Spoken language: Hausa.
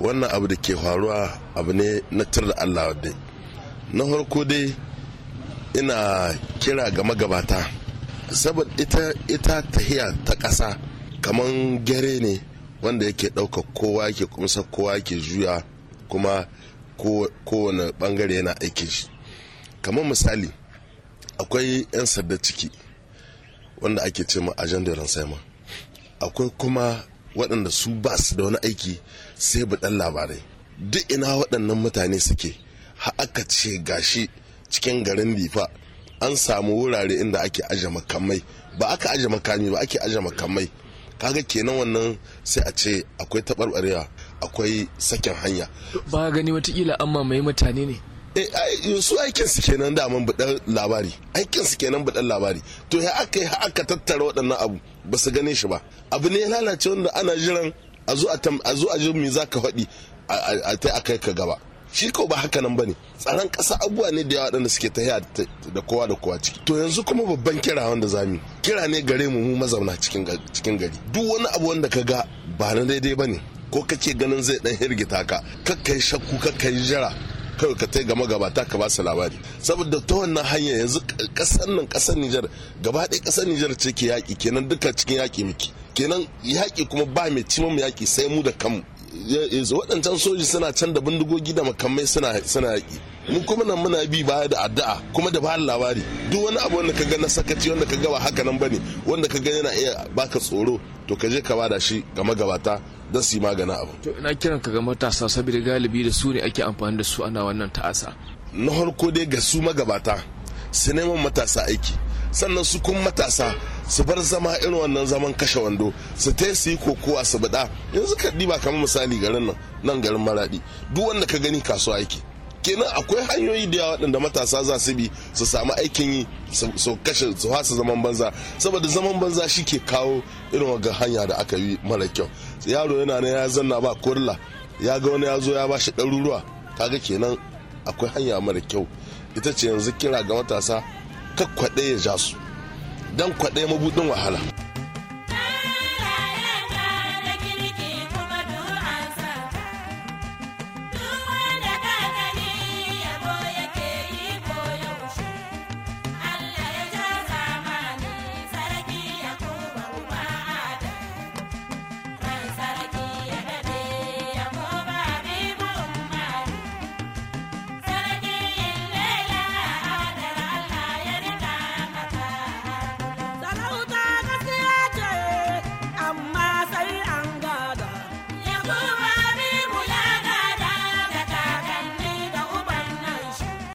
wannan abu da ke faruwa abu ne na tar da allah wadda na farko dai ina kira ga magabata saboda ita ita tahiya ta ƙasa kamar gare ne wanda yake ɗauka kowa yake kumsa kowa yake juya kuma kowane bangare yana aiki shi kamar misali akwai 'yan sadda ciki wanda ake ce ma agenda ransaima akwai kuma waɗanda su ba su da wani aiki sai ɗan labarai duk ina waɗannan mutane suke aka ce gashi cikin garin lifa an samu wurare inda ake aje makamai ba aka aje makami ba ake aje makamai kaga kenan wannan sai a ce akwai taɓarɓarewa akwai sakin hanya ba gani watakila an mamaye mutane ne Eh, su aikin su kenan daman budan labari aikin su kenan budan labari to ya aka aka tattara waɗannan abu ba su gane shi ba abu ne ya lalace wanda ana jiran a zo a ji me za ka faɗi a ta aka kai ka gaba shi ko ba haka nan bane tsaron ƙasa abubuwa ne da yawa waɗanda suke ta da kowa da kowa ciki to yanzu kuma babban kira wanda zamu kira ne gare mu mu mazauna cikin gari duk wani abu wanda ka ga ba na daidai bane ko kake ganin zai dan hirgita ka kakkai shakku kakkai jira kawai ka tai gama gabata ka ba su labari saboda ta wannan hanya yanzu kasar nan kasar Nijar gaba ɗaya kasar Nijar ce ke yaƙi kenan duka cikin yaƙi miki kenan yaƙi kuma ba mai cimma yaƙi sai mu da kanmu waɗancan soji suna can da bindigogi da makamai suna suna yaƙi mu kuma nan muna bi baya da addu'a kuma da bayan labari duk wani abu wanda ka ga na sakaci wanda ka ga ba haka nan bane wanda ka ga yana iya baka tsoro to ka je ka bada shi ga magabata don su yi magana abu to ina kiran ka ga matasa saboda galibi da su ne ake amfani da su ana wannan ta'asa na harko dai ga su magabata su neman matasa aiki sannan su kun matasa su bar zama irin wannan zaman kashe wando su ta su yi a su bada yanzu ka ba kamar misali garin nan nan garin maradi duk wanda ka gani kasuwa aiki kenan akwai hanyoyi da yawa waɗanda matasa za su bi su samu aikin yi su kashe su hasa zaman banza saboda zaman banza shi ke kawo irin waga hanya da aka yi mara kyau yaro yana nan ya zanna ba kurla ya ga wani ya zo ya ba shi ɗaruruwa kaga kenan akwai hanya mara kyau ita ce yanzu kira ga matasa kakwaɗe ya ja su don kwaɗe mabuɗin wahala